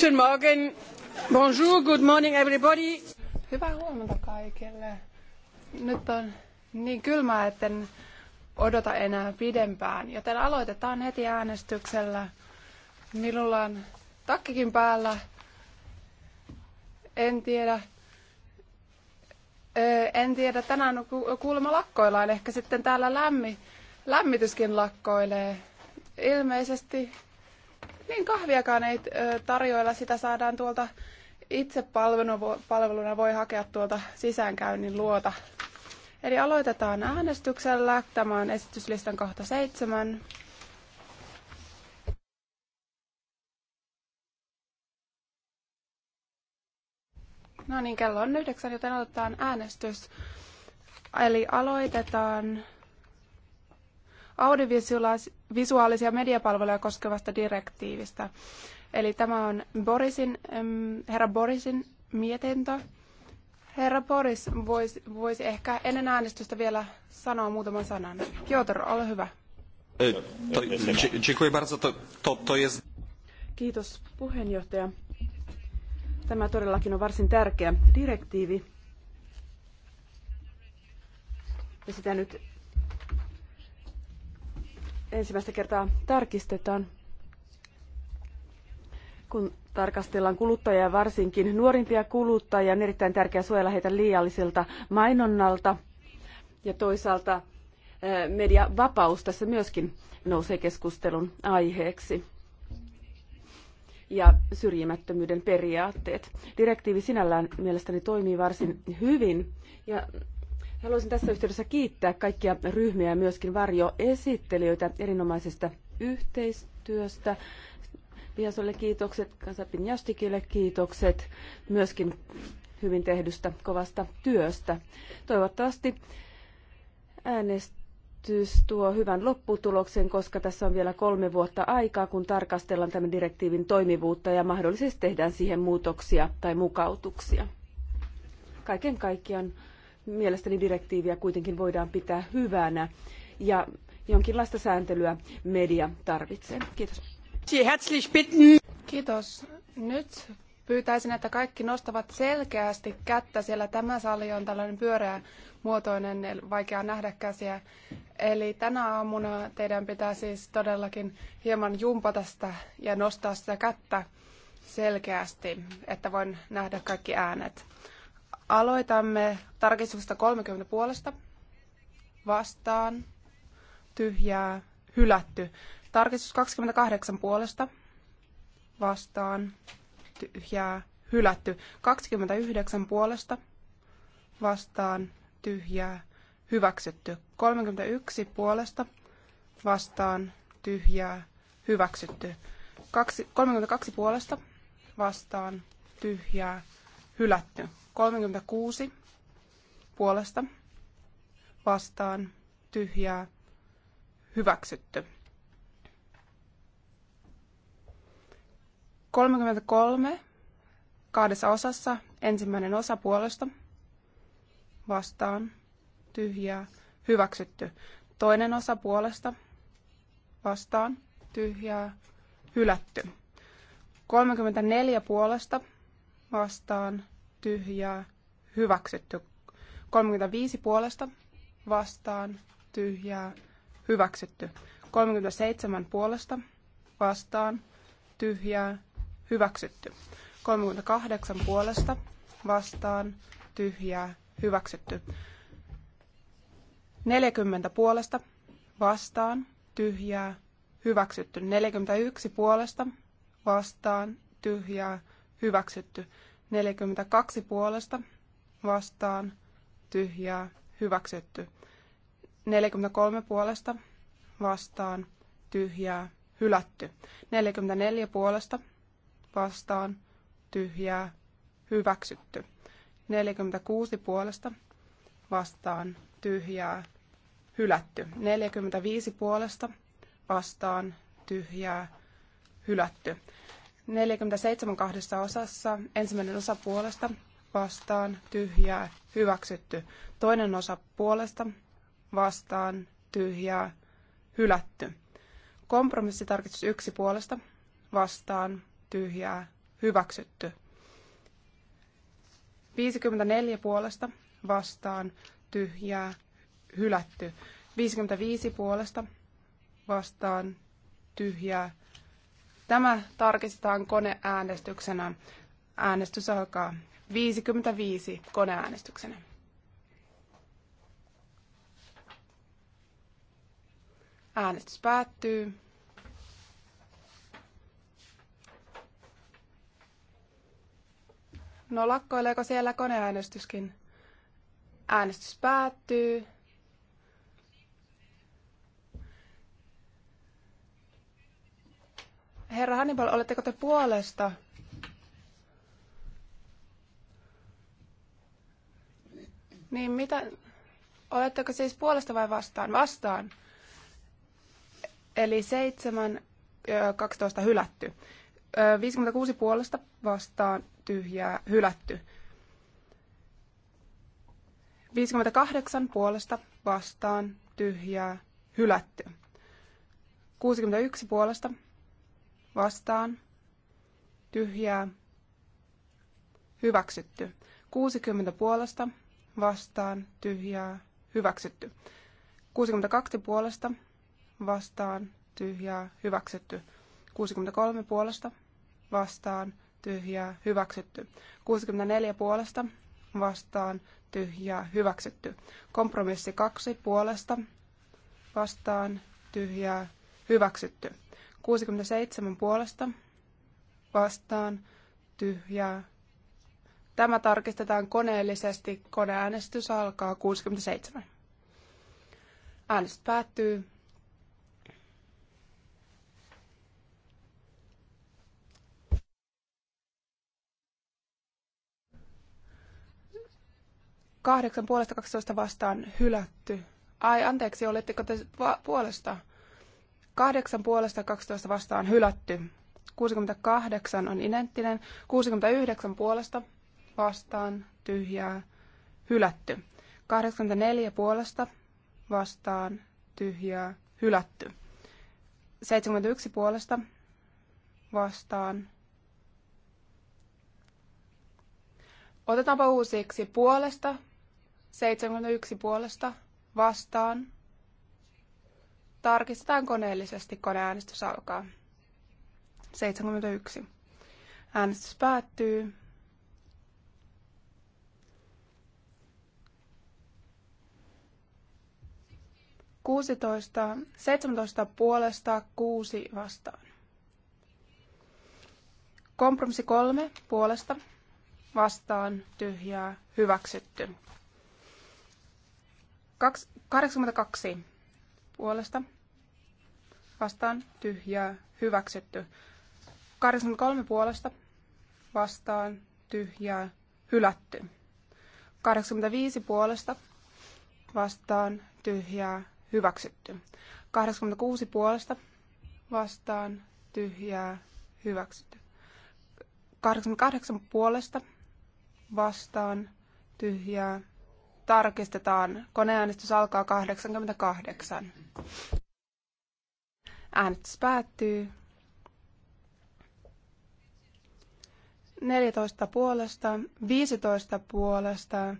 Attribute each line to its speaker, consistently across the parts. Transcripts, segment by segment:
Speaker 1: Guten Morgen. Bonjour, good morning everybody. Hyvää huomenta kaikille. Nyt on niin kylmää, etten odota enää pidempään, joten aloitetaan heti äänestyksellä. Minulla on takkikin päällä. En tiedä. En tiedä, tänään kuulemma lakkoillaan. Ehkä sitten täällä lämmi, lämmityskin lakkoilee. Ilmeisesti niin kahviakaan ei tarjoilla. Sitä saadaan tuolta itse palveluna voi hakea tuolta sisäänkäynnin luota. Eli aloitetaan äänestyksellä. Tämä on esityslistan kohta seitsemän. No niin, kello on yhdeksän, joten aloitetaan äänestys. Eli aloitetaan audiovisuaalis- visuaalisia mediapalveluja koskevasta direktiivistä. Eli tämä on Borisin, herra Borisin mietintö. Herra Boris voisi, voisi ehkä ennen äänestystä vielä sanoa muutaman sanan. Piotr, ole hyvä. E, Kiitos puheenjohtaja. Tämä todellakin on varsin
Speaker 2: tärkeä direktiivi. Ja sitä nyt ensimmäistä kertaa tarkistetaan, kun tarkastellaan kuluttajia, varsinkin nuorimpia kuluttajia, on erittäin tärkeää suojella heitä liialliselta mainonnalta. Ja toisaalta eh, mediavapaus tässä myöskin nousee keskustelun aiheeksi ja syrjimättömyyden periaatteet. Direktiivi sinällään mielestäni toimii varsin hyvin ja Haluaisin tässä yhteydessä kiittää kaikkia ryhmiä ja myöskin varjoesittelijöitä erinomaisesta yhteistyöstä. Piasolle kiitokset, Kansapin Jastikille kiitokset, myöskin hyvin tehdystä kovasta työstä. Toivottavasti äänestys tuo hyvän lopputuloksen, koska tässä on vielä kolme vuotta aikaa, kun tarkastellaan tämän direktiivin toimivuutta ja mahdollisesti tehdään siihen muutoksia tai mukautuksia. Kaiken kaikkiaan Mielestäni direktiiviä kuitenkin voidaan pitää hyvänä ja jonkinlaista sääntelyä media tarvitsee. Kiitos.
Speaker 1: Kiitos. Nyt pyytäisin, että kaikki nostavat selkeästi kättä, siellä tämä sali on tällainen pyöreä muotoinen, vaikea nähdä käsiä. Eli tänä aamuna teidän pitää siis todellakin hieman jumpata sitä ja nostaa sitä kättä selkeästi, että voin nähdä kaikki äänet. Aloitamme tarkistusta 30 puolesta. Vastaan. Tyhjää. Hylätty. Tarkistus 28 puolesta. Vastaan. Tyhjää. Hylätty. 29 puolesta. Vastaan. Tyhjää. Hyväksytty. 31 puolesta. Vastaan. Tyhjää. Hyväksytty. 32 puolesta. Vastaan. Tyhjää. Hylätty. 36 puolesta vastaan tyhjää hyväksytty. 33 kahdessa osassa ensimmäinen osa puolesta vastaan tyhjää hyväksytty. Toinen osa puolesta vastaan tyhjää hylätty. 34 puolesta vastaan tyhjää, hyväksytty. 35 puolesta vastaan, tyhjää, hyväksytty. 37 puolesta vastaan, tyhjää, hyväksytty. 38 puolesta vastaan, tyhjää, hyväksytty. 40 puolesta vastaan, tyhjää, hyväksytty. 41 puolesta vastaan, tyhjää, hyväksytty. 42 puolesta vastaan tyhjää hyväksytty. 43 puolesta vastaan tyhjää hylätty. 44 puolesta vastaan tyhjää hyväksytty. 46 puolesta vastaan tyhjää hylätty. 45 puolesta vastaan tyhjää hylätty. 47 kahdessa osassa. Ensimmäinen osa puolesta vastaan tyhjää hyväksytty. Toinen osa puolesta vastaan tyhjää hylätty. Kompromissitarkistus yksi puolesta vastaan tyhjää hyväksytty. 54 puolesta vastaan tyhjää hylätty. 55 puolesta vastaan tyhjää Tämä tarkistetaan koneäänestyksenä. Äänestys alkaa 55 koneäänestyksenä. Äänestys päättyy. No lakkoileeko siellä koneäänestyskin? Äänestys päättyy. Herra Hannibal, oletteko te puolesta? Niin mitä, oletteko siis puolesta vai vastaan? Vastaan. Eli 7, 12 hylätty. 56 puolesta vastaan tyhjää hylätty. 58 puolesta vastaan tyhjää hylätty. 61 puolesta vastaan, tyhjää, hyväksytty. 60 puolesta, vastaan, tyhjää, hyväksytty. 62 puolesta, vastaan, tyhjää, hyväksytty. 63 puolesta, vastaan, tyhjää, hyväksytty. 64 puolesta, vastaan, tyhjää, hyväksytty. Kompromissi 2 puolesta, vastaan, tyhjää, hyväksytty. 67 puolesta vastaan tyhjää. Tämä tarkistetaan koneellisesti. Koneäänestys alkaa 67. Äänestys päättyy. Kahdeksan puolesta 12 vastaan hylätty. Ai, anteeksi, oletteko te puolesta? Kahdeksan puolesta 12 vastaan hylätty. 68 on identtinen. 69 puolesta vastaan tyhjää hylätty. 84 puolesta vastaan tyhjää hylätty. 71 puolesta vastaan. Otetaanpa uusiksi puolesta, 71 puolesta, vastaan, Tarkistetaan koneellisesti. Koneäänestys alkaa. 71. Äänestys päättyy. Kuusitoista, seitsemäntoista puolesta, kuusi vastaan. Kompromissi kolme puolesta, vastaan, tyhjää, hyväksytty. Kaks, 82 puolesta vastaan tyhjää hyväksytty. 83 puolesta vastaan tyhjää hylätty. 85 puolesta vastaan tyhjää hyväksytty. 86 puolesta vastaan tyhjää hyväksytty. 88 puolesta vastaan tyhjää tarkistetaan. Koneäänestys alkaa 88. Äänestys päättyy. 14 puolesta, 15 puolesta,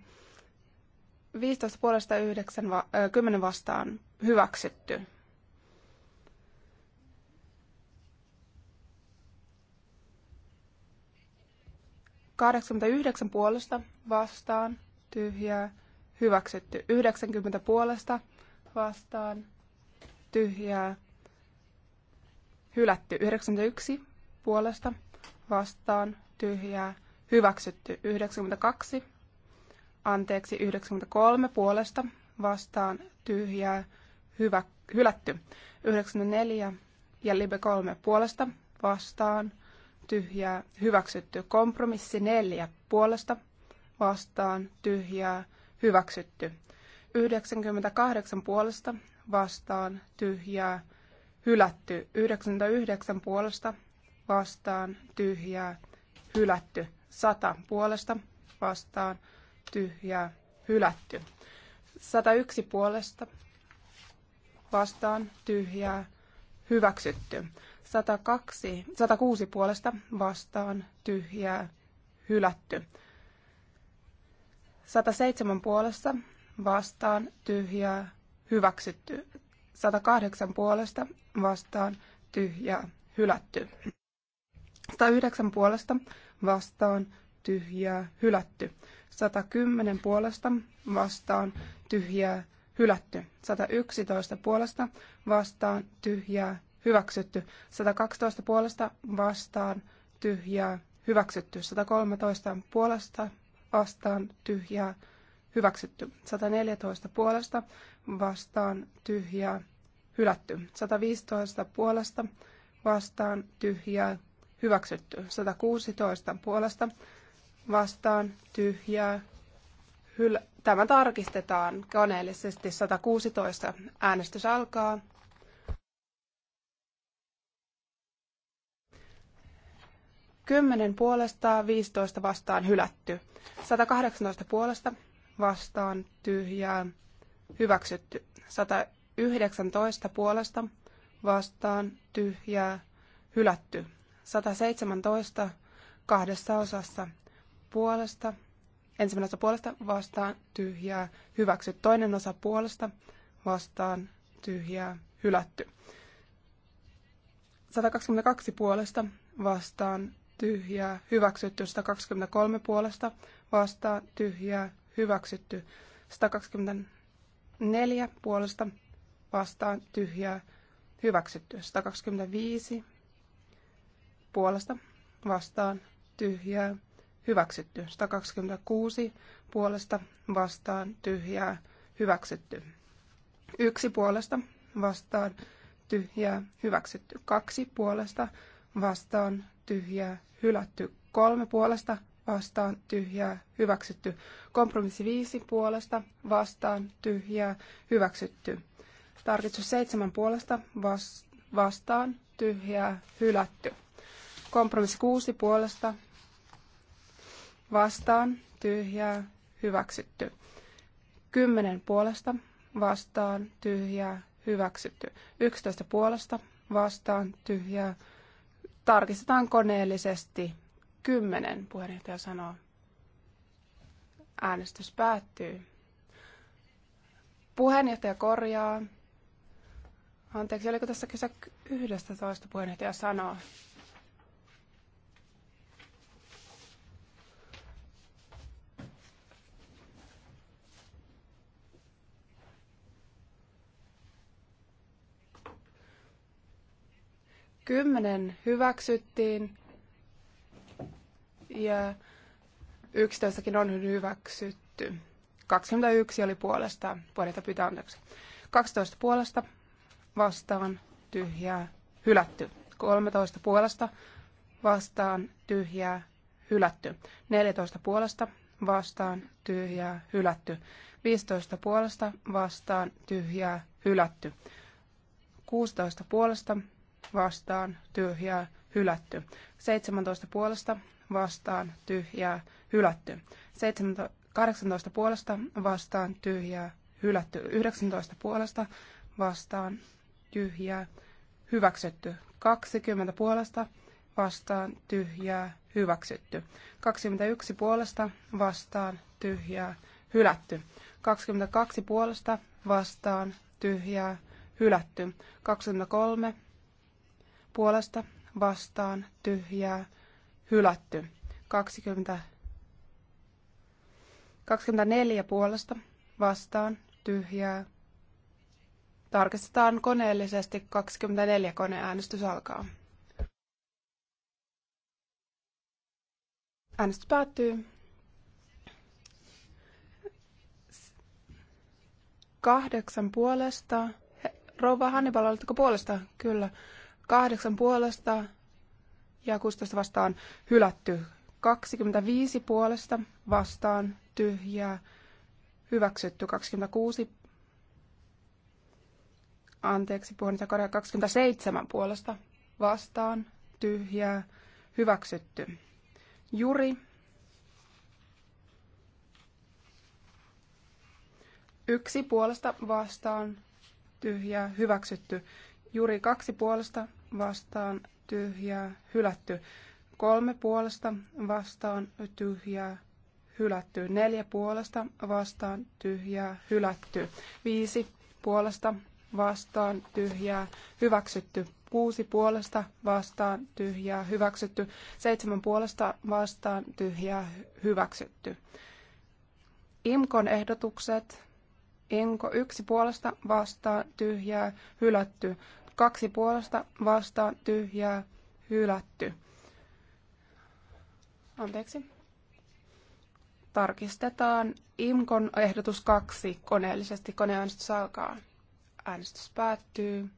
Speaker 1: 15 puolesta 9, va- 10 vastaan hyväksytty. Kahdeksankymmentäyhdeksän puolesta vastaan tyhjää hyväksytty. 90 puolesta vastaan tyhjää hylätty. 91 puolesta vastaan tyhjää hyväksytty. 92 anteeksi 93 puolesta vastaan tyhjää hyvä, hylätty. 94 ja Libe 3 puolesta vastaan tyhjää hyväksytty. Kompromissi 4 puolesta vastaan tyhjää hyväksytty. 98 puolesta vastaan tyhjää hylätty. 99 puolesta vastaan tyhjää hylätty. 100 puolesta vastaan tyhjää hylätty. 101 puolesta vastaan tyhjää hyväksytty. 102, 106 puolesta vastaan tyhjää hylätty. 107 puolesta vastaan tyhjää hyväksytty. 108 puolesta vastaan tyhjää hylätty. 109 puolesta vastaan tyhjää hylätty. 110 puolesta vastaan tyhjää hylätty. 111 puolesta vastaan tyhjää hyväksytty. 112 puolesta vastaan tyhjää hyväksytty. 113 puolesta vastaan tyhjää hyväksytty. 114 puolesta vastaan tyhjää hylätty. 115 puolesta vastaan tyhjää hyväksytty. 116 puolesta vastaan tyhjää Tämä tarkistetaan koneellisesti. 116 äänestys alkaa. 10 puolesta, 15 vastaan hylätty. 118 puolesta vastaan tyhjää hyväksytty. 119 puolesta vastaan tyhjää hylätty. 117 kahdessa osassa puolesta, ensimmäinen osa puolesta vastaan tyhjää hyväksytty. Toinen osa puolesta vastaan tyhjää hylätty. 122 puolesta vastaan tyhjää, hyväksytty 123 puolesta, vastaan tyhjää, hyväksytty 124 puolesta, vastaan tyhjää, hyväksytty 125 puolesta, vastaan tyhjää, hyväksytty 126 puolesta, vastaan tyhjää, hyväksytty yksi puolesta, vastaan tyhjää, hyväksytty kaksi puolesta, vastaan tyhjää, hylätty kolme puolesta vastaan tyhjää hyväksytty. Kompromissi viisi puolesta vastaan tyhjää hyväksytty. Tarkistus seitsemän puolesta vas- vastaan tyhjää hylätty. Kompromissi kuusi puolesta vastaan tyhjää hyväksytty. Kymmenen puolesta vastaan tyhjää hyväksytty. Yksitoista puolesta vastaan tyhjää hyväksytty Tarkistetaan koneellisesti. Kymmenen, puheenjohtaja sanoo. Äänestys päättyy. Puheenjohtaja korjaa. Anteeksi, oliko tässä kyse toista puheenjohtaja sanoa? 10 hyväksyttiin ja 11kin on hyväksytty. 21 oli puolesta, puolesta pyytää anteeksi. 12 puolesta vastaan tyhjää hylätty. 13 puolesta vastaan tyhjää hylätty. 14 puolesta vastaan tyhjää hylätty. 15 puolesta vastaan tyhjää hylätty. 16 puolesta vastaan tyhjää hylätty. 17 puolesta vastaan tyhjää hylätty. 18 puolesta vastaan tyhjää hylätty. 19 puolesta vastaan tyhjää hyväksytty. 20 puolesta vastaan tyhjää hyväksytty. 21 puolesta vastaan tyhjää hylätty. 22 puolesta vastaan tyhjää hylätty. 23 puolesta vastaan tyhjää hylätty. 20, 24 puolesta vastaan tyhjää. Tarkistetaan koneellisesti 24 koneäänestys alkaa. Äänestys päättyy. Kahdeksan puolesta. Rouva Hannibal, oletteko puolesta? Kyllä kahdeksan puolesta ja 16 vastaan hylätty. 25 puolesta vastaan tyhjää hyväksytty. 26 anteeksi puhun 27 puolesta vastaan tyhjää hyväksytty. Juri Yksi puolesta vastaan, tyhjää, hyväksytty. Juri kaksi puolesta vastaan tyhjää hylätty. Kolme puolesta vastaan tyhjää hylätty. Neljä puolesta vastaan tyhjää hylätty. Viisi puolesta vastaan tyhjää hyväksytty. Kuusi puolesta vastaan tyhjää hyväksytty. Seitsemän puolesta vastaan tyhjää hyväksytty. Imkon ehdotukset Inko yksi puolesta vastaan tyhjää hylätty kaksi puolesta vastaan tyhjää hylätty. Anteeksi. Tarkistetaan IMKON ehdotus kaksi koneellisesti. Koneäänestys alkaa. Äänestys päättyy.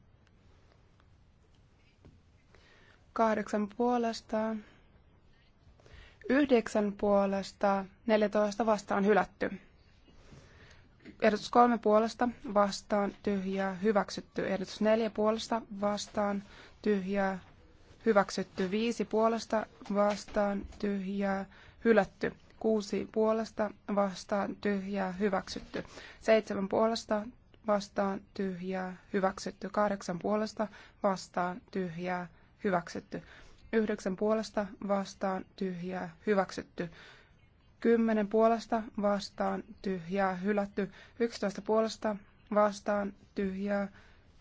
Speaker 1: Kahdeksan puolesta. Yhdeksän puolesta. Neljätoista vastaan hylätty. Ehdotus kolme puolesta vastaan tyhjää hyväksytty. Ehdotus neljä puolesta vastaan tyhjää hyväksytty. Viisi puolesta vastaan tyhjää hylätty. Kuusi puolesta vastaan tyhjää hyväksytty. Seitsemän puolesta vastaan tyhjää hyväksytty. Kahdeksan puolesta vastaan tyhjää hyväksytty. Yhdeksän puolesta vastaan tyhjää hyväksytty. 10 puolesta vastaan tyhjää hylätty. 11 puolesta vastaan tyhjää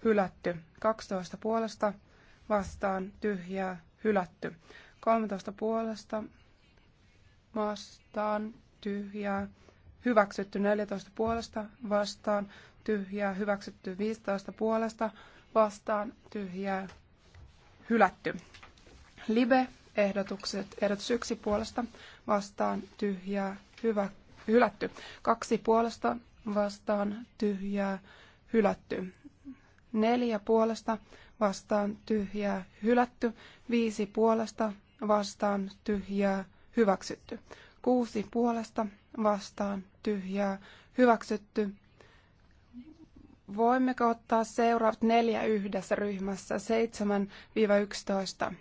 Speaker 1: hylätty. 12 puolesta vastaan tyhjää hylätty. 13 puolesta vastaan tyhjää hyväksytty. 14 puolesta vastaan tyhjää hyväksytty. 15 puolesta vastaan tyhjää hylätty. Libe ehdotukset. Ehdotus yksi puolesta vastaan tyhjää hyvä, hylätty. Kaksi puolesta vastaan tyhjää hylätty. Neljä puolesta vastaan tyhjää hylätty. Viisi puolesta vastaan tyhjää hyväksytty. Kuusi puolesta vastaan tyhjää hyväksytty. Voimmeko ottaa seuraavat neljä yhdessä ryhmässä 7-11?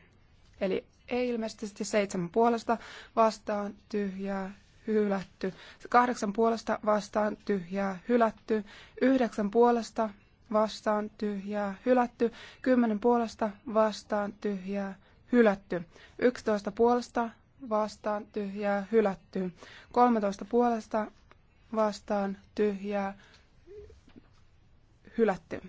Speaker 1: Eli ei ilmeisesti seitsemän puolesta vastaan tyhjää hylätty. Kahdeksan puolesta vastaan tyhjää hylätty. Yhdeksän puolesta vastaan tyhjää hylätty. Kymmenen puolesta vastaan tyhjää hylätty. Yksitoista puolesta vastaan tyhjää hylätty. Kolmetoista puolesta vastaan tyhjää hylätty.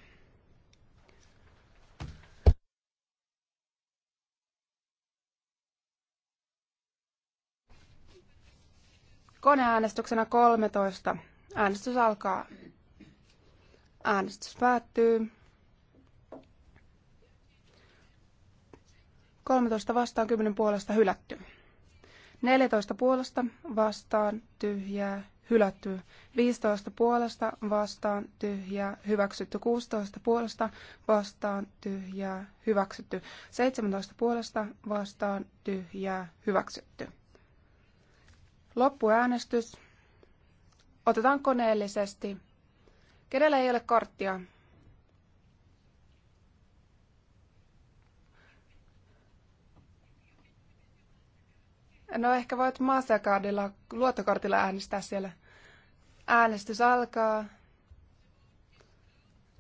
Speaker 1: Koneäänestyksenä 13. Äänestys alkaa. Äänestys päättyy. 13 vastaan 10 puolesta hylätty. 14 puolesta vastaan tyhjää hylätty. 15 puolesta vastaan tyhjää hyväksytty. 16 puolesta vastaan tyhjää hyväksytty. 17 puolesta vastaan tyhjää hyväksytty. Loppuäänestys. Otetaan koneellisesti. Kenellä ei ole korttia? No ehkä voit Mastercardilla, luottokortilla äänestää siellä. Äänestys alkaa.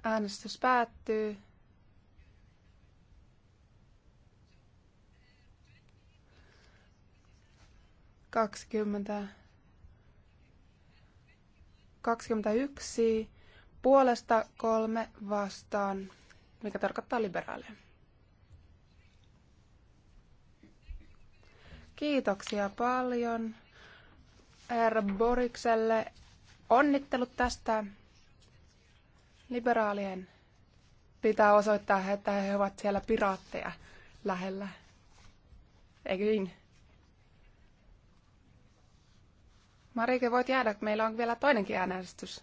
Speaker 1: Äänestys päättyy. 20, 21 puolesta kolme vastaan, mikä tarkoittaa liberaaleja. Kiitoksia paljon R Borikselle. Onnittelut tästä. Liberaalien pitää osoittaa, että he ovat siellä piraatteja lähellä. Eikö niin? Marike, voit jäädä, meillä on vielä toinenkin äänestys.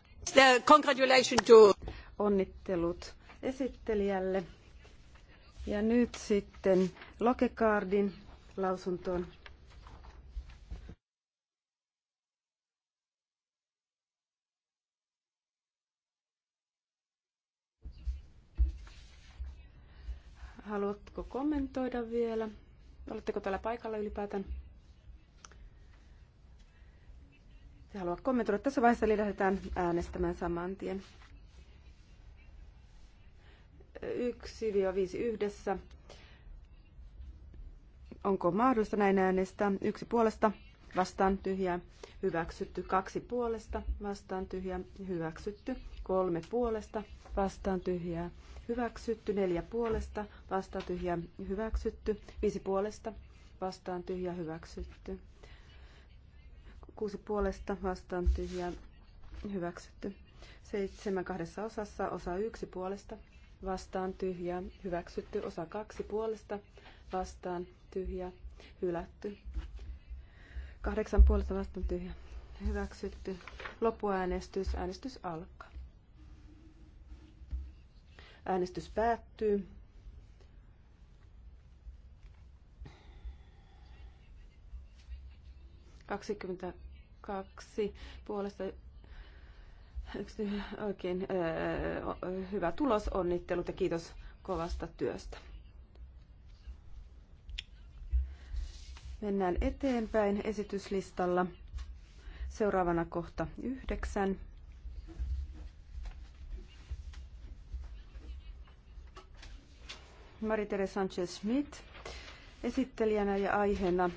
Speaker 2: Congratulations to... Onnittelut esittelijälle.
Speaker 1: Ja nyt sitten Lokekaardin
Speaker 2: lausuntoon. Haluatko kommentoida vielä? Oletteko täällä paikalla ylipäätään? Te haluat kommentoida tässä vaiheessa, eli lähdetään äänestämään saman tien. 1-5 yhdessä. Onko mahdollista näin äänestää? Yksi puolesta, vastaan tyhjää, hyväksytty. Kaksi puolesta, vastaan tyhjää, hyväksytty. Kolme puolesta, vastaan tyhjää, hyväksytty. Neljä puolesta, vastaan tyhjää, hyväksytty. Viisi puolesta, vastaan tyhjää, hyväksytty. 6 puolesta vastaan tyhjää hyväksytty. 7 kahdessa osassa osa 1 puolesta vastaan tyhjää hyväksytty. Osa 2 puolesta vastaan tyhjää hylätty. 8 puolesta vastaan tyhjää hyväksytty. Loppuäänestys. Äänestys alkaa. Äänestys päättyy. Kaksikymmentä kaksi puolesta yksi oikein öö, hyvä tulos, onnittelut ja kiitos kovasta työstä. Mennään eteenpäin esityslistalla. Seuraavana kohta yhdeksän. Marie-Therese Sanchez-Schmidt esittelijänä ja aiheena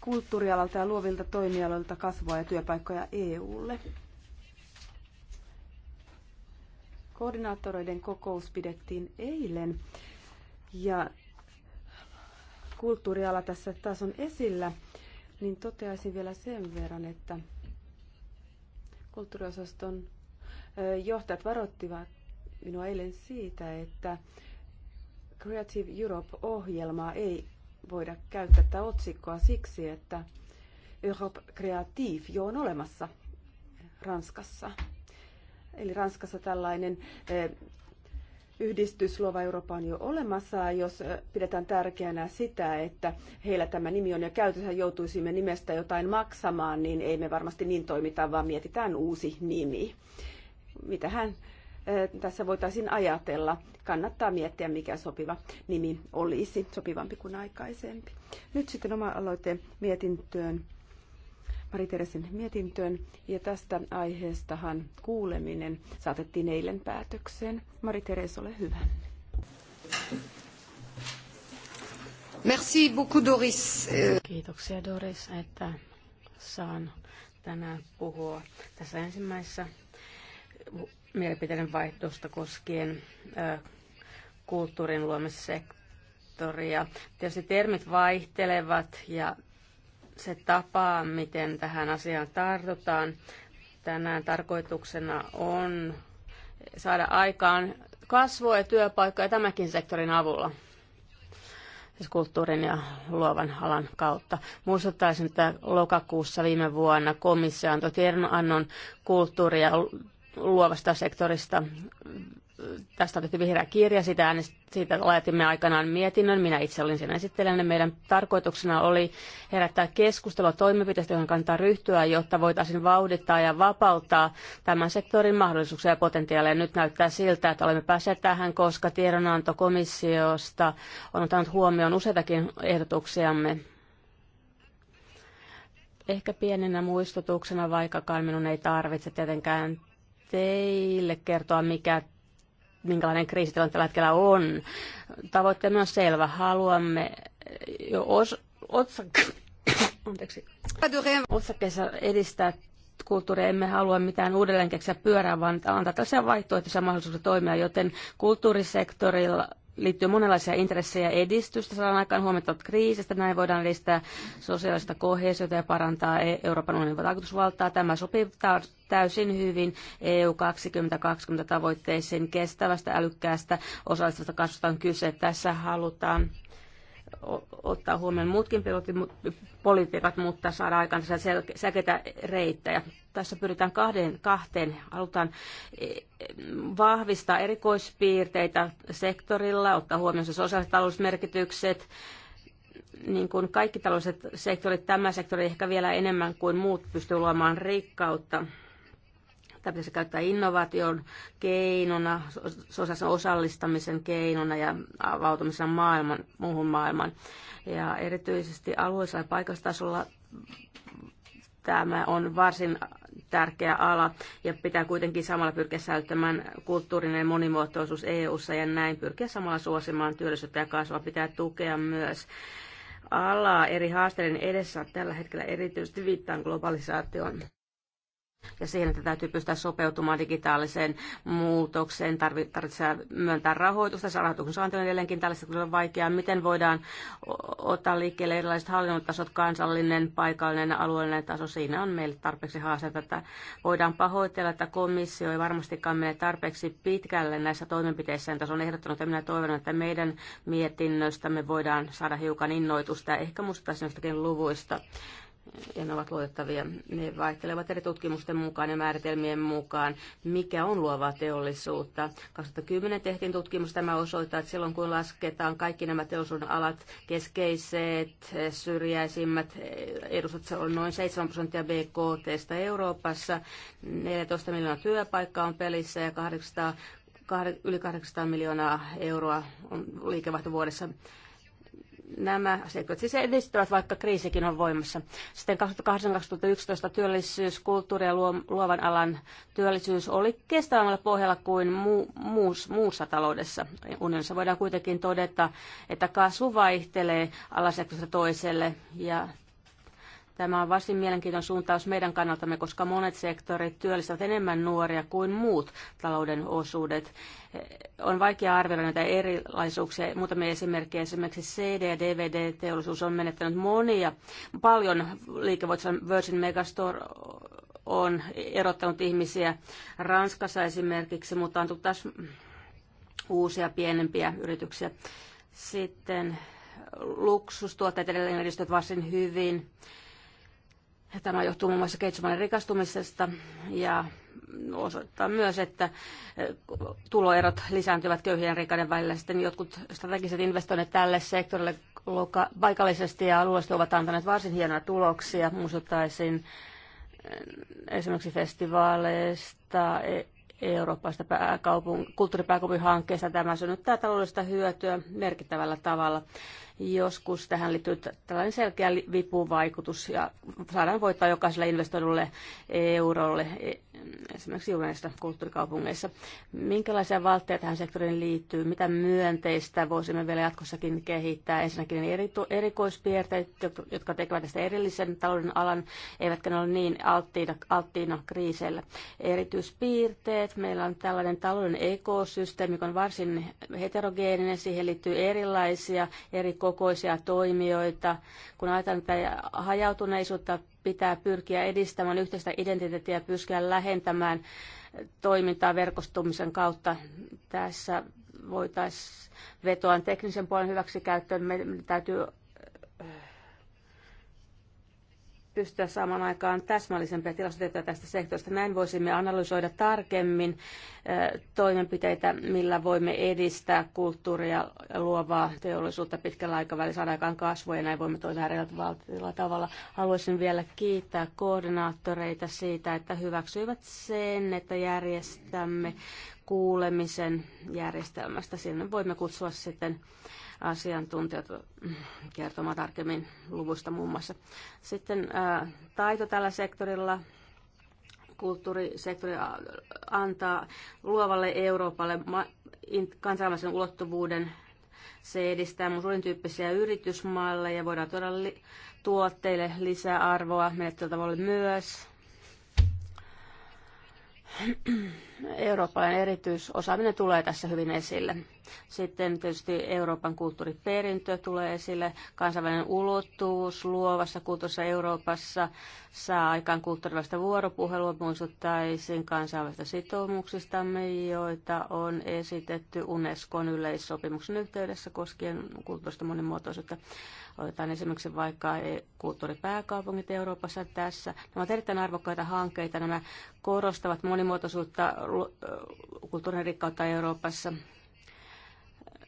Speaker 2: kulttuurialalta ja luovilta toimialoilta kasvua ja työpaikkoja EUlle. Koordinaattoreiden kokous pidettiin eilen ja kulttuuriala tässä taas on esillä, niin toteaisin vielä sen verran, että kulttuuriosaston johtajat varoittivat minua eilen siitä, että Creative Europe-ohjelmaa ei voida käyttää tätä otsikkoa siksi, että Europe Creative jo on olemassa Ranskassa. Eli Ranskassa tällainen e, yhdistys Luova Eurooppa on jo olemassa. Jos e, pidetään tärkeänä sitä, että heillä tämä nimi on jo käytössä, joutuisimme nimestä jotain maksamaan, niin ei me varmasti niin toimita, vaan mietitään uusi nimi. Mitähän tässä voitaisiin ajatella. Kannattaa miettiä, mikä sopiva nimi olisi, sopivampi kuin aikaisempi. Nyt sitten oma aloite mietintöön. Mari-Teresin mietintöön ja tästä aiheestahan kuuleminen saatettiin eilen päätökseen.
Speaker 3: Mari-Teres, ole hyvä. Merci beaucoup Doris. Kiitoksia Doris, että saan tänään puhua tässä ensimmäisessä mielipiteiden vaihdosta koskien kulttuurin luomissektoria. Tietysti termit vaihtelevat ja se tapa, miten tähän asiaan tartutaan. Tänään tarkoituksena on saada aikaan kasvua ja työpaikkoja tämänkin sektorin avulla, siis kulttuurin ja luovan alan kautta. Muistuttaisin, että lokakuussa viime vuonna komissio antoi tiedonannon kulttuuri- ja luovasta sektorista. Tästä otettiin vihreä kirja, sitä siitä laitimme aikanaan mietinnön, minä itse olin siinä esittelijänä. Meidän tarkoituksena oli herättää keskustelua toimenpiteistä, joihin kannattaa ryhtyä, jotta voitaisiin vauhdittaa ja vapauttaa tämän sektorin mahdollisuuksia ja potentiaaleja. Nyt näyttää siltä, että olemme päässeet tähän, koska tiedonanto komissiosta on ottanut huomioon useitakin ehdotuksiamme ehkä pienenä muistutuksena, vaikkakaan minun ei tarvitse tietenkään teille kertoa, mikä, minkälainen kriisitilanne tällä hetkellä on. Tavoitteemme on selvä. Haluamme jo os, otsak, anteeksi, otsakkeessa edistää kulttuuria. Emme halua mitään uudelleen keksiä pyörää, vaan antaa tällaisia vaihtoehtoisia mahdollisuuksia toimia, joten kulttuurisektorilla liittyy monenlaisia intressejä edistystä. Saadaan aikaan että kriisistä. Näin voidaan edistää sosiaalista kohesiota ja parantaa e- Euroopan unionin vaikutusvaltaa. Tämä sopii täysin hyvin EU 2020 tavoitteisiin kestävästä, älykkäästä, osallistavasta kasvusta on kyse. Tässä halutaan ottaa huomioon muutkin politiikat, mutta saada aikaan selkeitä reittejä tässä pyritään kahden, kahteen, halutaan e, vahvistaa erikoispiirteitä sektorilla, ottaa huomioon se sosiaaliset talousmerkitykset, niin kuin kaikki taloudelliset sektorit, tämä sektori ehkä vielä enemmän kuin muut pystyy luomaan rikkautta. Tämä pitäisi käyttää innovaation keinona, sosiaalisen osallistamisen keinona ja avautumisen maailman, muuhun maailmaan. Ja erityisesti alueellisella ja paikallistasolla tämä on varsin tärkeä ala ja pitää kuitenkin samalla pyrkiä säilyttämään kulttuurinen monimuotoisuus EU-ssa ja näin pyrkiä samalla suosimaan työllisyyttä ja kasvua. Pitää tukea myös alaa eri haasteiden edessä tällä hetkellä erityisesti viittaan globalisaation ja siihen, että täytyy pystyä sopeutumaan digitaaliseen muutokseen. Tarvitsee myöntää rahoitusta, se rahoituksen saanti on edelleenkin tällaista on vaikeaa. Miten voidaan ottaa liikkeelle erilaiset hallinnon tasot, kansallinen, paikallinen, alueellinen taso, siinä on meille tarpeeksi haasteita. Että voidaan pahoitella, että komissio ei varmastikaan mene tarpeeksi pitkälle näissä toimenpiteissä, tässä on ehdottanut, ja minä toivon, että meidän mietinnöstämme voidaan saada hiukan innoitusta ja ehkä muistuttaa sinustakin luvuista ja ne ovat luotettavia. Ne vaihtelevat eri tutkimusten mukaan ja määritelmien mukaan, mikä on luovaa teollisuutta. 2010 tehtiin tutkimus, tämä osoittaa, että silloin kun lasketaan kaikki nämä teollisuuden alat, keskeiset, syrjäisimmät, edustat se on noin 7 prosenttia BKTstä Euroopassa, 14 miljoonaa työpaikkaa on pelissä ja 800, yli 800 miljoonaa euroa on liikevaihto vuodessa Nämä sekot siis edistyvät, vaikka kriisikin on voimassa. Sitten 2008-2011 työllisyys, kulttuuri ja luovan alan työllisyys oli kestävämmällä pohjalla kuin muu, muus, muussa taloudessa. Unionissa voidaan kuitenkin todeta, että kasvu vaihtelee alasektorista toiselle ja Tämä on varsin mielenkiintoinen suuntaus meidän kannaltamme, koska monet sektorit työllistävät enemmän nuoria kuin muut talouden osuudet. On vaikea arvioida näitä erilaisuuksia. Muutamia esimerkkejä. Esimerkiksi CD- ja DVD-teollisuus on menettänyt monia, paljon liikevoitossa Virgin Megastore on erottanut ihmisiä Ranskassa esimerkiksi, mutta on tullut taas uusia pienempiä yrityksiä. Sitten luksustuotteet edelleen edistyvät varsin hyvin. Tämä johtuu muun muassa kehitysmaiden rikastumisesta ja osoittaa myös, että eh, tuloerot lisääntyvät köyhien rikkaiden välillä. Sitten jotkut strategiset investoinnit tälle sektorille paikallisesti ja alueellisesti ovat antaneet varsin hienoja tuloksia. Muistuttaisin eh, esimerkiksi festivaaleista, e-, Euroopasta pääkaupun, kulttuuripääkaupunkihankkeesta. Tämä synnyttää taloudellista hyötyä merkittävällä tavalla. Joskus tähän liittyy tällainen selkeä vipuvaikutus ja saadaan voittaa jokaiselle investoidulle eurolle, e, esimerkiksi juuri näissä kulttuurikaupungeissa. Minkälaisia valtteja tähän sektoriin liittyy? Mitä myönteistä voisimme vielä jatkossakin kehittää? Ensinnäkin erikoispiirteet, jotka tekevät tästä erillisen talouden alan, eivätkä ne ole niin alttiina, alttiina kriiseillä. Erityispiirteet. Meillä on tällainen talouden ekosysteemi, joka on varsin heterogeeninen. Siihen liittyy erilaisia eri kokoisia toimijoita. Kun ajatellaan että hajautuneisuutta, pitää pyrkiä edistämään yhteistä identiteettiä ja pyrkiä lähentämään toimintaa verkostumisen kautta. Tässä voitaisiin vetoa teknisen puolen hyväksikäyttöön. Meidän täytyy pystyä saamaan aikaan täsmällisempiä tilastotietoja tästä sektorista. Näin voisimme analysoida tarkemmin toimenpiteitä, millä voimme edistää kulttuuria ja luovaa teollisuutta pitkällä aikavälillä, saada aikaan kasvua ja näin voimme toimia erilaisella tavalla. Haluaisin vielä kiittää koordinaattoreita siitä, että hyväksyivät sen, että järjestämme kuulemisen järjestelmästä. Sinne voimme kutsua sitten asiantuntijat kertomaan tarkemmin luvusta muun muassa. Sitten taito tällä sektorilla kulttuurisektori antaa luovalle Euroopalle kansainvälisen ulottuvuuden. Se edistää mun tyyppisiä yritysmalleja, voidaan tuoda li- tuotteille lisää arvoa menettelytavoille myös. Eurooppalainen erityisosaaminen tulee tässä hyvin esille. Sitten tietysti Euroopan kulttuuriperintö tulee esille, kansainvälinen ulottuvuus luovassa kulttuurissa Euroopassa saa aikaan kulttuurilaista vuoropuhelua, muistuttaisin kansainvälistä sitoumuksistamme, joita on esitetty Unescon yleissopimuksen yhteydessä koskien kulttuurista monimuotoisuutta. Otetaan esimerkiksi vaikka kulttuuripääkaupungit Euroopassa tässä. Nämä ovat erittäin arvokkaita hankkeita. Nämä korostavat monimuotoisuutta, kulttuurin rikkautta Euroopassa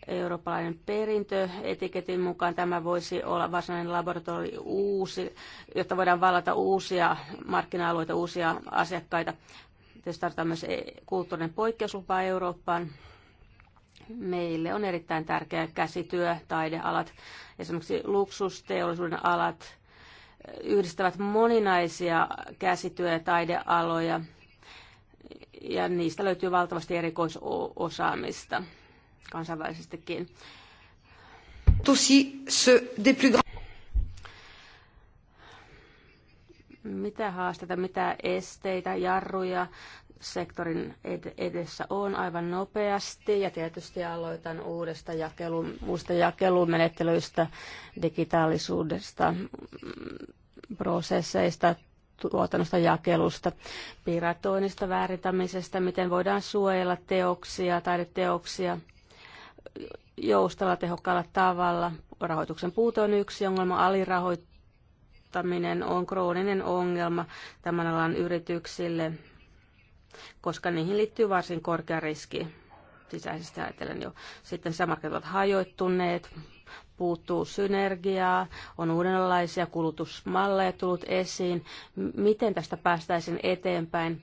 Speaker 3: eurooppalainen perintö etiketin mukaan. Tämä voisi olla varsinainen laboratori uusi, jotta voidaan vallata uusia markkina-alueita, uusia asiakkaita. Tietysti tarvitaan myös e- kulttuurinen poikkeuslupa Eurooppaan. Meille on erittäin tärkeä käsityö, taidealat, esimerkiksi luksusteollisuuden alat yhdistävät moninaisia käsityö- ja taidealoja, ja niistä löytyy valtavasti erikoisosaamista kansainvälisestikin.
Speaker 2: Tosi se des plus
Speaker 3: Mitä haasteita, mitä esteitä, jarruja sektorin edessä on aivan nopeasti ja tietysti aloitan uudesta jakelu, uusista jakelumenettelyistä, digitaalisuudesta, mm, prosesseista, tuotannosta, jakelusta, piratoinnista, vääritämisestä, miten voidaan suojella teoksia, taideteoksia joustavalla tehokkaalla tavalla. Rahoituksen puute on yksi ongelma, alirahoittaminen on krooninen ongelma tämän alan yrityksille, koska niihin liittyy varsin korkea riski sisäisesti ajatellen jo. Sitten sisämarkkinat ovat hajoittuneet, puuttuu synergiaa, on uudenlaisia kulutusmalleja tullut esiin. Miten tästä päästäisiin eteenpäin?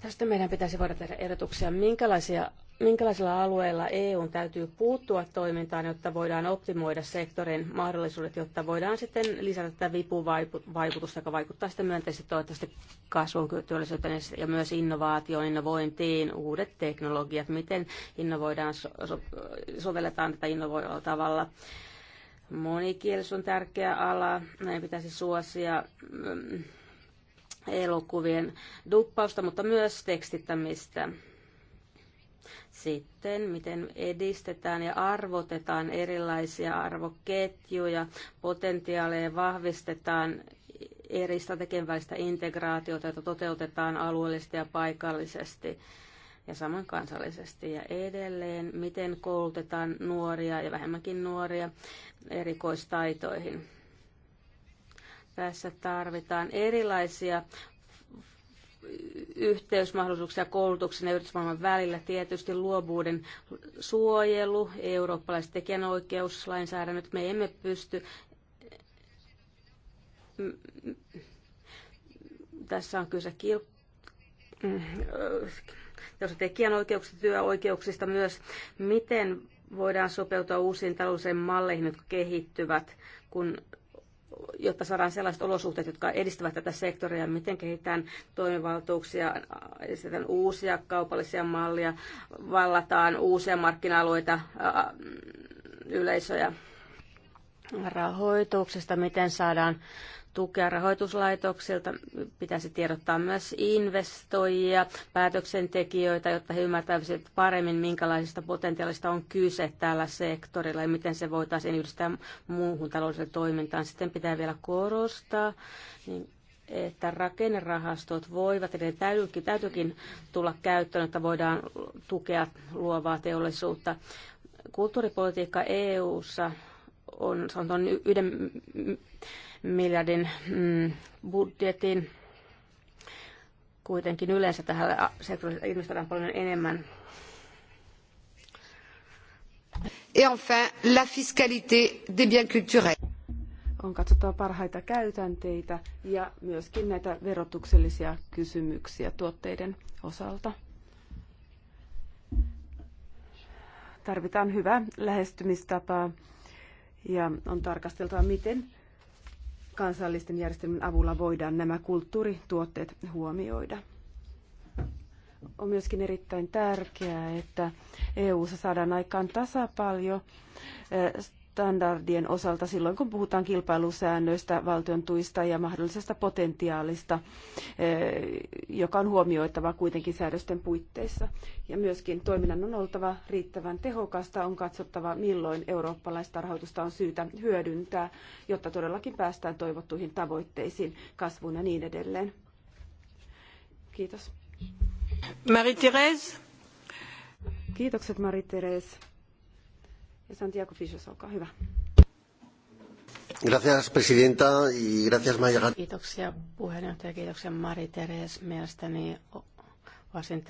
Speaker 3: Tästä meidän pitäisi voida tehdä ehdotuksia, minkälaisia minkälaisilla alueilla EUn täytyy puuttua toimintaan, jotta voidaan optimoida sektorin mahdollisuudet, jotta voidaan sitten lisätä tätä vipuvaikutusta, joka vaikuttaa sitten myönteisesti toivottavasti kasvun työllisyyteen ja myös innovaatioon, innovointiin, uudet teknologiat, miten innovoidaan, sovelletaan tätä innovoivalla tavalla. Monikielisyys on tärkeä ala, näin pitäisi suosia mm, elokuvien duppausta, mutta myös tekstittämistä sitten, miten edistetään ja arvotetaan erilaisia arvoketjuja, potentiaaleja vahvistetaan eri strategian välistä integraatiota, jota toteutetaan alueellisesti ja paikallisesti ja saman kansallisesti ja edelleen, miten koulutetaan nuoria ja vähemmänkin nuoria erikoistaitoihin. Tässä tarvitaan erilaisia yhteysmahdollisuuksia koulutuksen ja yritysmaailman välillä. Tietysti luovuuden suojelu, eurooppalaiset tekijänoikeuslainsäädännöt, me emme pysty tässä on kyse kil... jos mm, tekijänoikeuksista, työoikeuksista myös, miten voidaan sopeutua uusiin taloudelliseen malleihin, jotka kehittyvät, kun jotta saadaan sellaiset olosuhteet, jotka edistävät tätä sektoria, miten kehitetään toimivaltuuksia, edistetään uusia kaupallisia mallia, vallataan uusia markkina-alueita, yleisöjä rahoituksesta, miten saadaan tukea rahoituslaitoksilta. Pitäisi tiedottaa myös investoijia, päätöksentekijöitä, jotta he ymmärtäisivät paremmin, minkälaisista potentiaalista on kyse tällä sektorilla ja miten se voitaisiin yhdistää muuhun taloudelliseen toimintaan. Sitten pitää vielä korostaa, niin että rakennerahastot voivat, eli täytyykin, täytyykin tulla käyttöön, että voidaan tukea luovaa teollisuutta. Kulttuuripolitiikka EU:ssa on sanotaan yhden miljardin mm, budjetin. Kuitenkin yleensä tähän sektorille investoidaan paljon enemmän. Et
Speaker 2: enfin, la fiscalité
Speaker 3: des biens culturels.
Speaker 2: On katsottava parhaita käytänteitä ja myöskin näitä verotuksellisia kysymyksiä tuotteiden osalta. Tarvitaan hyvää lähestymistapaa ja on tarkasteltava, miten kansallisten järjestelmien avulla voidaan nämä kulttuurituotteet huomioida. On myöskin erittäin tärkeää, että EU-ssa saadaan aikaan tasapaljo. Eh, standardien osalta silloin, kun puhutaan kilpailusäännöistä, valtion tuista ja mahdollisesta potentiaalista, eh, joka on huomioitava kuitenkin säädösten puitteissa. Ja myöskin toiminnan on oltava riittävän tehokasta, on katsottava milloin eurooppalaista rahoitusta on syytä hyödyntää, jotta todellakin päästään toivottuihin tavoitteisiin, kasvuun ja niin edelleen. Kiitos. Marie-Thérèse. Kiitokset Marie-Thérèse. Ja Santiago Fisas, olkaa hyvä.
Speaker 3: Gracias, presidenta, y gracias, Maija. Kiitoksia puheenjohtaja, kiitoksia Mari Teres. Mielestäni varsin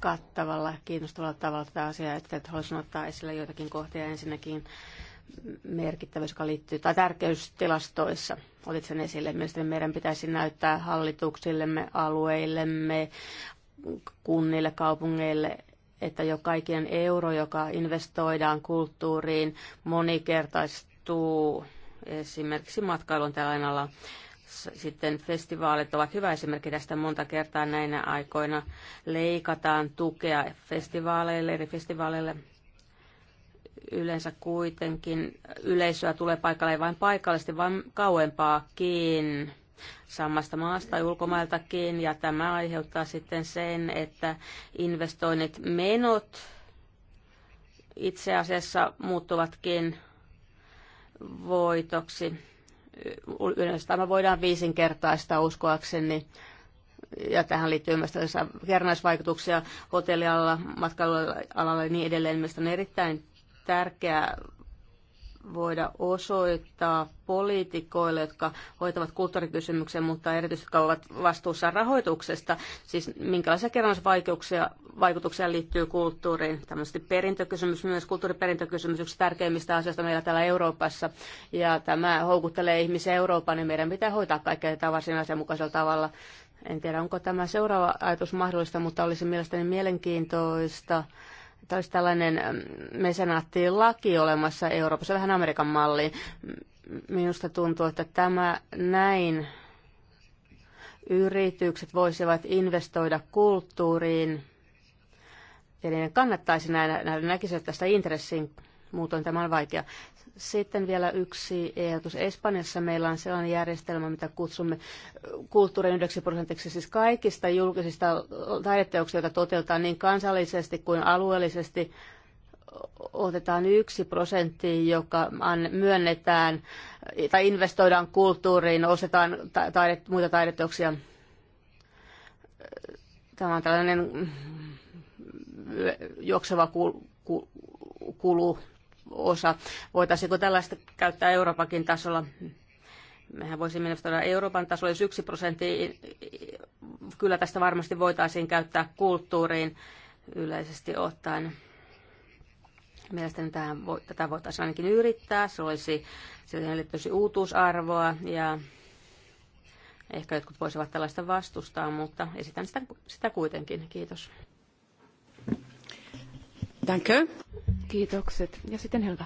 Speaker 3: kattavalla ja kiinnostavalla tavalla tätä asiaa, että haluaisin ottaa esille joitakin kohtia. Ensinnäkin merkittävyys, joka liittyy, tai tilastoissa. otit sen esille. Mielestäni meidän pitäisi näyttää hallituksillemme, alueillemme, kunnille, kaupungeille, että jo kaiken euro, joka investoidaan kulttuuriin, monikertaistuu esimerkiksi matkailun tällä alalla. Sitten festivaalit ovat hyvä esimerkki tästä monta kertaa näinä aikoina. Leikataan tukea festivaaleille, eri festivaaleille yleensä kuitenkin yleisöä tulee paikalle ei vain paikallisesti, vaan kauempaakin samasta maasta tai ulkomailtakin, ja tämä aiheuttaa sitten sen, että investoinnit menot itse asiassa muuttuvatkin voitoksi. Yleensä tämä voidaan viisinkertaista uskoakseni, ja tähän liittyy myös kernaisvaikutuksia hotellialalla, matkailualalla ja niin edelleen. Mielestäni on erittäin tärkeää voida osoittaa poliitikoille, jotka hoitavat kulttuurikysymyksen, mutta erityisesti jotka ovat vastuussa rahoituksesta, siis minkälaisia vaikeuksia, vaikutuksia liittyy kulttuuriin. Tämmöisesti perintökysymys, myös kulttuuriperintökysymys, yksi tärkeimmistä asioista meillä täällä Euroopassa. Ja tämä houkuttelee ihmisiä Eurooppaan, niin meidän pitää hoitaa kaikkea tätä varsin asianmukaisella tavalla. En tiedä, onko tämä seuraava ajatus mahdollista, mutta olisi mielestäni mielenkiintoista että olisi tällainen mesenaattilaki olemassa Euroopassa, vähän Amerikan malli. Minusta tuntuu, että tämä näin yritykset voisivat investoida kulttuuriin, ja niiden kannattaisi näin, näin näkisivät tästä intressin, muutoin tämä on vaikea. Sitten vielä yksi ehdotus. Espanjassa meillä on sellainen järjestelmä, mitä kutsumme kulttuurin 9 prosentiksi, siis kaikista julkisista taideteoksista, joita toteutetaan niin kansallisesti kuin alueellisesti, otetaan yksi prosentti, joka myönnetään tai investoidaan kulttuuriin, ostetaan taide, muita taideteoksia. Tämä on tällainen juokseva kulu osa. Voitaisiinko tällaista käyttää Euroopankin tasolla? mehän voisimme investoida Euroopan tasolla, jos yksi prosentti, kyllä tästä varmasti voitaisiin käyttää kulttuuriin yleisesti ottaen. Mielestäni tähän, tätä voitaisiin ainakin yrittää, se olisi, tosi uutuusarvoa ja ehkä jotkut voisivat tällaista vastustaa, mutta esitän sitä, sitä kuitenkin. Kiitos.
Speaker 2: Danke. Kiitokset. Ja sitten Helga.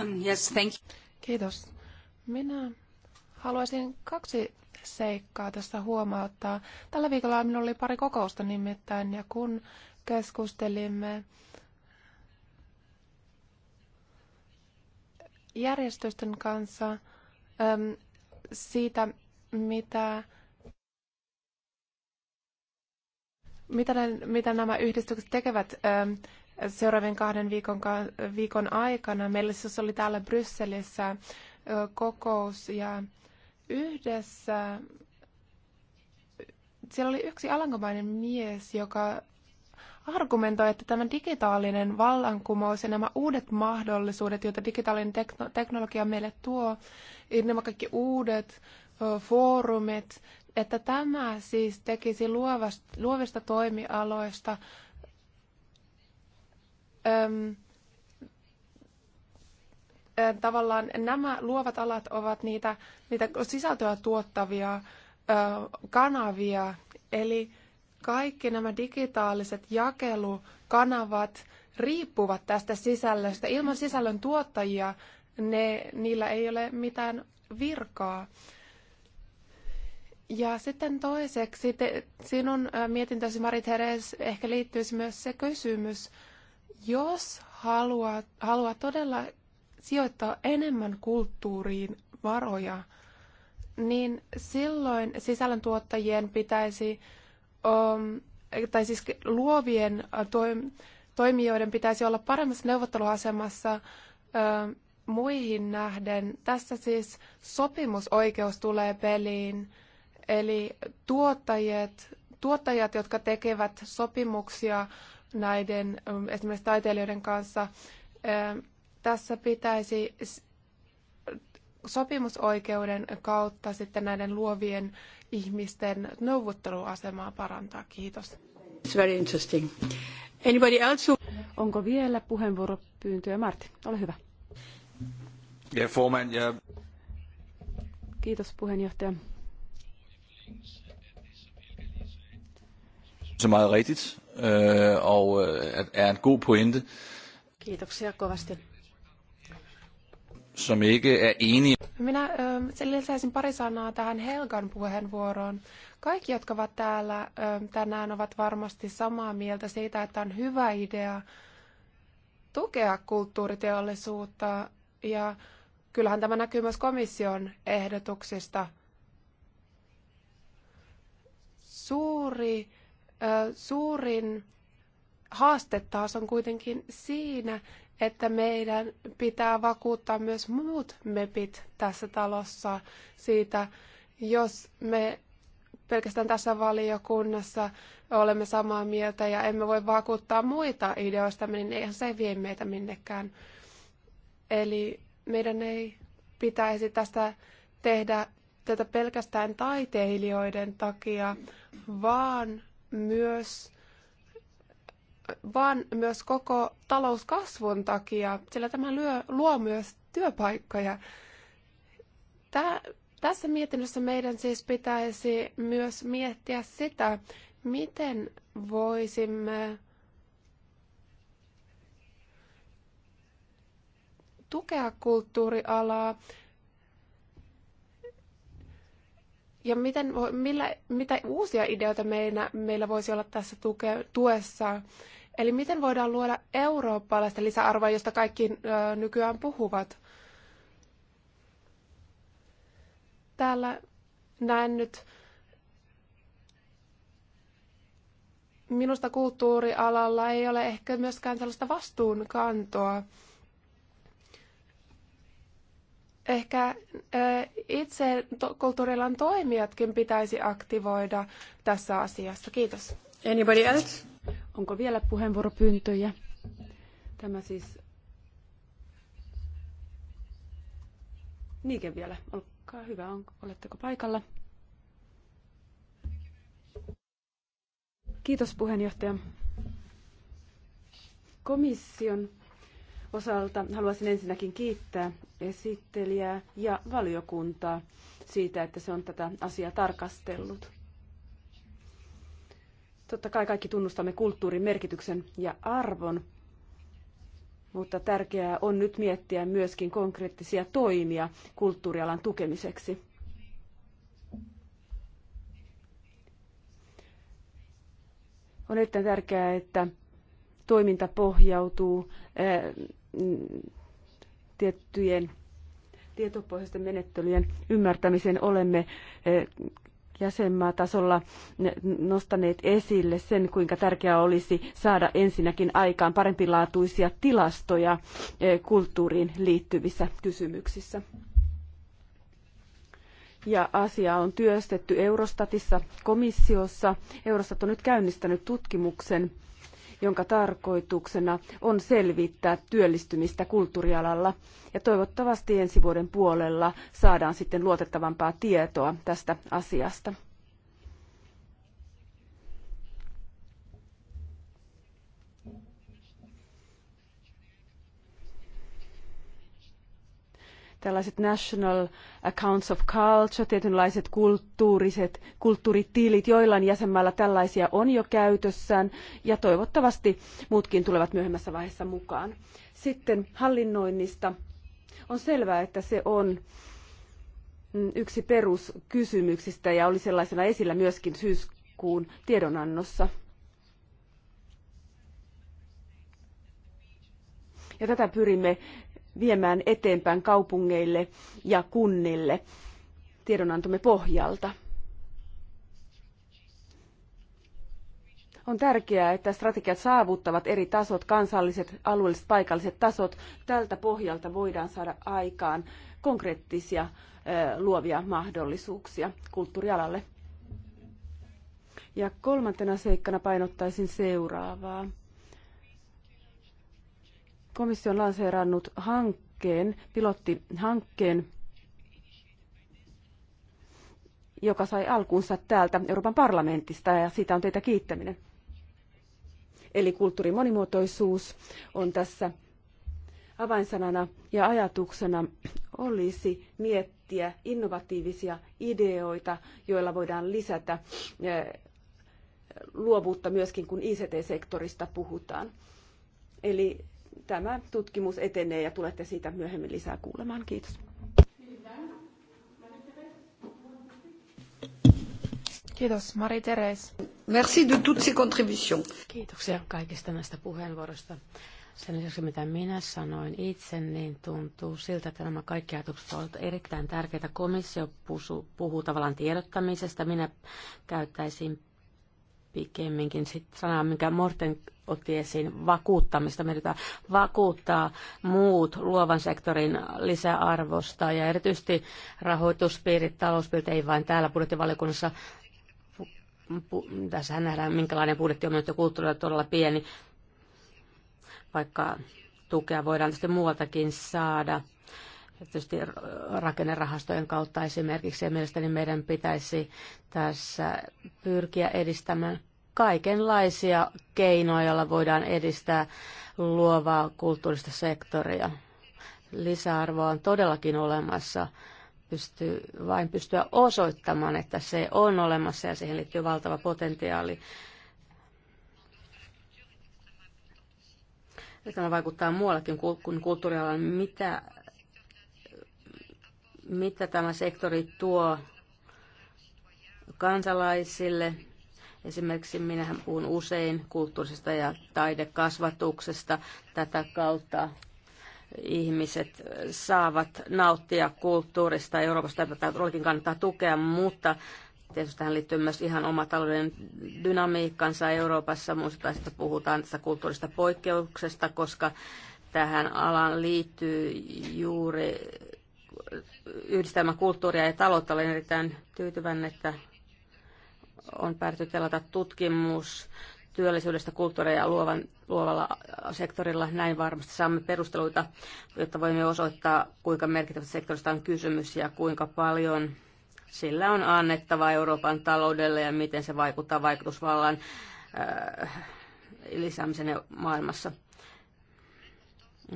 Speaker 3: Um, yes, thank you.
Speaker 1: Kiitos. Minä haluaisin kaksi seikkaa tässä huomauttaa. Tällä viikolla minulla oli pari kokousta nimittäin, ja kun keskustelimme järjestösten kanssa äm, siitä, mitä mitä, ne, mitä nämä yhdistykset tekevät seuraavien kahden viikon, viikon aikana? Meillä siis oli täällä Brysselissä kokous ja yhdessä siellä oli yksi alankomainen mies, joka argumentoi, että tämä digitaalinen vallankumous ja nämä uudet mahdollisuudet, joita digitaalinen teknologia meille tuo, nämä kaikki uudet foorumit, että tämä siis tekisi luovista toimialoista äm, ä, tavallaan nämä luovat alat ovat niitä, niitä sisältöä tuottavia ä, kanavia, eli kaikki nämä digitaaliset jakelukanavat riippuvat tästä sisällöstä. Ilman sisällön tuottajia ne, niillä ei ole mitään virkaa. Ja sitten toiseksi, te, sinun mietintösi mari therese ehkä liittyisi myös se kysymys, jos haluat, haluat todella sijoittaa enemmän kulttuuriin varoja, niin silloin sisällöntuottajien pitäisi, um, tai siis luovien toim, toimijoiden pitäisi olla paremmassa neuvotteluasemassa um, muihin nähden. Tässä siis sopimusoikeus tulee peliin Eli tuottajat, tuottajat, jotka tekevät sopimuksia näiden mm, esimerkiksi taiteilijoiden kanssa, ähm, tässä pitäisi sopimusoikeuden kautta sitten näiden luovien ihmisten neuvotteluasemaa parantaa. Kiitos.
Speaker 3: It's very interesting.
Speaker 1: Anybody else who... Onko vielä puheenvuoropyyntöjä? Martti, ole hyvä.
Speaker 3: Yeah, foreman, yeah.
Speaker 2: Kiitos puheenjohtaja.
Speaker 3: Så meget rigtigt, øh, og øh, er en god pointe. Kiitoksia kovasti. Som ikke er enige.
Speaker 1: Minä ö, ähm, lisäisin pari sanaa tähän Helgan puheenvuoroon. Kaikki, jotka ovat täällä ähm, tänään, ovat varmasti samaa mieltä siitä, että on hyvä idea tukea kulttuuriteollisuutta. Ja kyllähän tämä näkyy myös komission ehdotuksista – suuri, suurin haaste taas on kuitenkin siinä, että meidän pitää vakuuttaa myös muut mepit tässä talossa siitä, jos me pelkästään tässä valiokunnassa olemme samaa mieltä ja emme voi vakuuttaa muita ideoista, niin eihän se vie meitä minnekään. Eli meidän ei pitäisi tästä tehdä tätä pelkästään taiteilijoiden takia, vaan myös vaan myös koko talouskasvun takia, sillä tämä lyö, luo myös työpaikkoja. Tää, tässä mietinnössä meidän siis pitäisi myös miettiä sitä, miten voisimme tukea kulttuurialaa Ja miten, millä, mitä uusia ideoita meillä, meillä voisi olla tässä tuke, tuessa? Eli miten voidaan luoda eurooppalaista lisäarvoa, josta kaikki ö, nykyään puhuvat? Täällä näen nyt minusta kulttuurialalla ei ole ehkä myöskään sellaista vastuunkantoa ehkä itse kulttuurialan toimijatkin pitäisi aktivoida tässä asiassa. Kiitos. Anybody
Speaker 2: else? Onko vielä puheenvuoropyyntöjä? Tämä siis... Niike vielä, olkaa hyvä, oletteko paikalla? Kiitos puheenjohtaja. Komission osalta haluaisin ensinnäkin kiittää esittelijää ja valiokuntaa siitä, että se on tätä asiaa tarkastellut. Totta kai kaikki tunnustamme kulttuurin merkityksen ja arvon, mutta tärkeää on nyt miettiä myöskin konkreettisia toimia kulttuurialan tukemiseksi. On erittäin tärkeää, että toiminta pohjautuu eh, tiettyjen tietopohjaisten menettelyjen ymmärtämisen olemme e, jäsenmaatasolla nostaneet esille sen, kuinka tärkeää olisi saada ensinnäkin aikaan parempilaatuisia tilastoja e, kulttuuriin liittyvissä kysymyksissä. Ja asia on työstetty Eurostatissa komissiossa. Eurostat on nyt käynnistänyt tutkimuksen jonka tarkoituksena on selvittää työllistymistä kulttuurialalla. Ja toivottavasti ensi vuoden puolella saadaan sitten luotettavampaa tietoa tästä asiasta. tällaiset National Accounts of Culture, tietynlaiset kulttuuriset kulttuuritilit, joilla jäsenmailla tällaisia on jo käytössään ja toivottavasti muutkin tulevat myöhemmässä vaiheessa mukaan. Sitten hallinnoinnista. On selvää, että se on mm, yksi peruskysymyksistä ja oli sellaisena esillä myöskin syyskuun tiedonannossa. Ja tätä pyrimme viemään eteenpäin kaupungeille ja kunnille tiedonantomme pohjalta. On tärkeää, että strategiat saavuttavat eri tasot, kansalliset, alueelliset, paikalliset tasot. Tältä pohjalta voidaan saada aikaan konkreettisia luovia mahdollisuuksia kulttuurialalle. Ja kolmantena seikkana painottaisin seuraavaa komissio on lanseerannut hankkeen, pilottihankkeen, joka sai alkunsa täältä Euroopan parlamentista ja siitä on teitä kiittäminen. Eli kulttuurin monimuotoisuus on tässä avainsanana ja ajatuksena olisi miettiä innovatiivisia ideoita, joilla voidaan lisätä eh, luovuutta myöskin, kun ICT-sektorista puhutaan. Eli tämä tutkimus etenee ja tulette siitä myöhemmin lisää kuulemaan. Kiitos.
Speaker 1: Kiitos, Mari Teres.
Speaker 3: Merci de toutes ces contributions. Kiitoksia kaikista näistä puheenvuoroista. Sen lisäksi, mitä minä sanoin itse, niin tuntuu siltä, että nämä kaikki ajatukset ovat erittäin tärkeitä. Komissio puhuu, puhuu tavallaan tiedottamisesta. Minä käyttäisin pikemminkin sitten sana, minkä Morten otti esiin, vakuuttamista. Me vakuuttaa muut luovan sektorin lisäarvosta ja erityisesti rahoituspiirit, talouspiirit, ei vain täällä budjettivaliokunnassa. Tässähän nähdään, minkälainen budjetti on nyt kulttuurilla todella pieni, vaikka tukea voidaan tietysti muualtakin saada tietysti rakennerahastojen kautta esimerkiksi. Ja mielestäni meidän pitäisi tässä pyrkiä edistämään kaikenlaisia keinoja, joilla voidaan edistää luovaa kulttuurista sektoria. Lisäarvoa on todellakin olemassa. Pystyy, vain pystyä osoittamaan, että se on olemassa ja siihen liittyy valtava potentiaali. Tämä vaikuttaa muuallakin kuin kulttuurialan. Mitä mitä tämä sektori tuo kansalaisille. Esimerkiksi minähän puhun usein kulttuurisesta ja taidekasvatuksesta. Tätä kautta ihmiset saavat nauttia kulttuurista Euroopasta. Tätä todellakin kannattaa tukea, mutta tietysti tähän liittyy myös ihan oma talouden dynamiikkansa Euroopassa. Muistetaan, että puhutaan tästä kulttuurista poikkeuksesta, koska tähän alaan liittyy juuri yhdistelmä kulttuuria ja taloutta. Olen erittäin tyytyväinen, että on päätetty telata tutkimus työllisyydestä, kulttuuria ja luovan, luovalla sektorilla. Näin varmasti saamme perusteluita, jotta voimme osoittaa, kuinka merkittävästä sektorista on kysymys ja kuinka paljon sillä on annettava Euroopan taloudelle ja miten se vaikuttaa vaikutusvallan äh, lisäämisen maailmassa.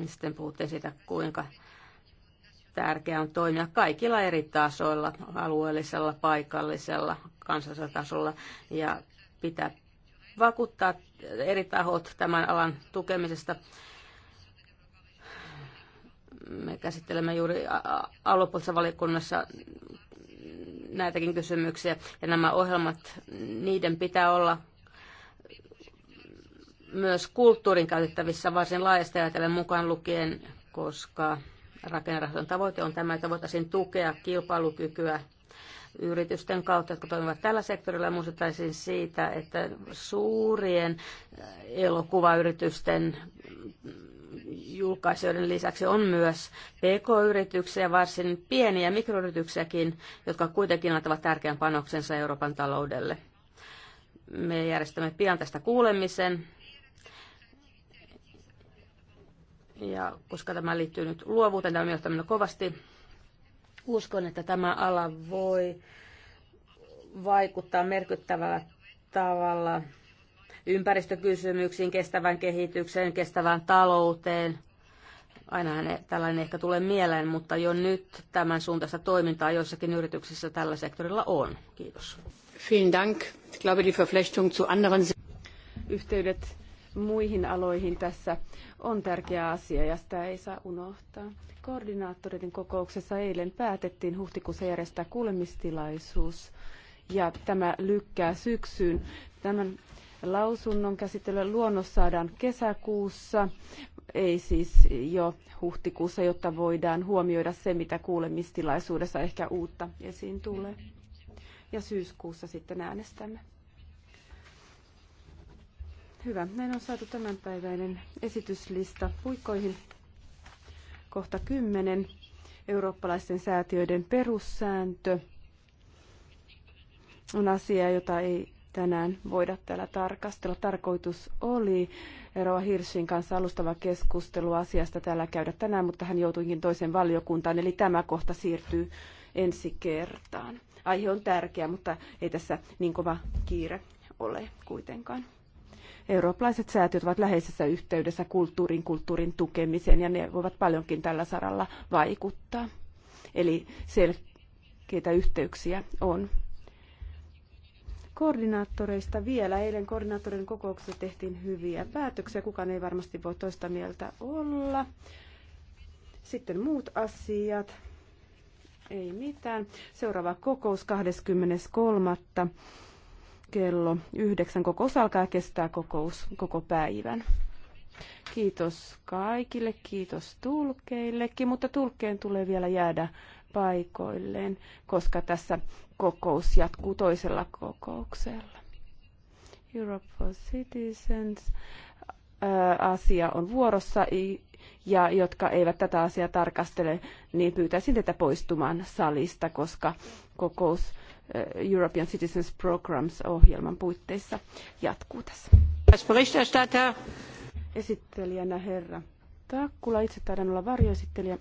Speaker 3: Sitten puhuttiin siitä, kuinka tärkeää on toimia kaikilla eri tasoilla, alueellisella, paikallisella, kansallisella tasolla ja pitää vakuuttaa eri tahot tämän alan tukemisesta. Me käsittelemme juuri aluepoliittisessa valiokunnassa näitäkin kysymyksiä ja nämä ohjelmat, niiden pitää olla myös kulttuurin käytettävissä varsin laajasti ajatellen mukaan lukien, koska rakennerahaston tavoite on tämä, että voitaisiin tukea kilpailukykyä yritysten kautta, jotka toimivat tällä sektorilla. Muistuttaisin siitä, että suurien eh, elokuvayritysten mm, julkaisijoiden lisäksi on myös PK-yrityksiä, varsin pieniä mikroyrityksiäkin, jotka kuitenkin antavat tärkeän panoksensa Euroopan taloudelle. Me järjestämme pian tästä kuulemisen Ja koska tämä liittyy nyt luovuuteen, tämä on johtaminen kovasti, uskon, että tämä ala voi vaikuttaa merkittävällä tavalla ympäristökysymyksiin, kestävän kehitykseen, kestävään talouteen. Ainahan tällainen ehkä tulee mieleen, mutta jo nyt tämän suuntaista toimintaa joissakin yrityksissä tällä sektorilla on. Kiitos. Vielen Dank. Ich glaube, die Verflechtung zu anderen yhteydet muihin aloihin tässä
Speaker 2: on tärkeä asia ja sitä ei saa unohtaa. Koordinaattoreiden kokouksessa eilen päätettiin huhtikuussa järjestää kuulemistilaisuus ja tämä lykkää syksyyn. Tämän lausunnon käsittelyn luonnos saadaan kesäkuussa, ei siis jo huhtikuussa, jotta voidaan huomioida se, mitä kuulemistilaisuudessa ehkä uutta esiin tulee. Ja syyskuussa sitten äänestämme. Hyvä. Näin on saatu tämänpäiväinen esityslista puikkoihin. Kohta 10. Eurooppalaisten säätiöiden perussääntö on asia, jota ei tänään voida täällä tarkastella. Tarkoitus oli eroa Hirschin kanssa alustava keskustelu asiasta täällä käydä tänään, mutta hän joutuikin toisen valiokuntaan, eli tämä kohta siirtyy ensi kertaan. Aihe on tärkeä, mutta ei tässä niin kova kiire ole kuitenkaan eurooppalaiset säätiöt ovat läheisessä yhteydessä kulttuurin, kulttuurin tukemiseen ja ne voivat paljonkin tällä saralla vaikuttaa. Eli selkeitä yhteyksiä on. Koordinaattoreista vielä. Eilen koordinaattorin kokouksessa tehtiin hyviä päätöksiä. Kukaan ei varmasti voi toista mieltä olla. Sitten muut asiat. Ei mitään. Seuraava kokous 23 kello yhdeksän kokous alkaa kestää kokous koko päivän. Kiitos kaikille, kiitos tulkeillekin, mutta tulkkeen tulee vielä jäädä paikoilleen, koska tässä kokous jatkuu toisella kokouksella. Europe for Citizens asia on vuorossa ja jotka eivät tätä asiaa tarkastele, niin pyytäisin tätä poistumaan salista, koska kokous Eh, European Citizens Programs-ohjelman puitteissa jatkuu tässä. Esittelijänä herra Takkula, itse taidan olla varjoesittelijä.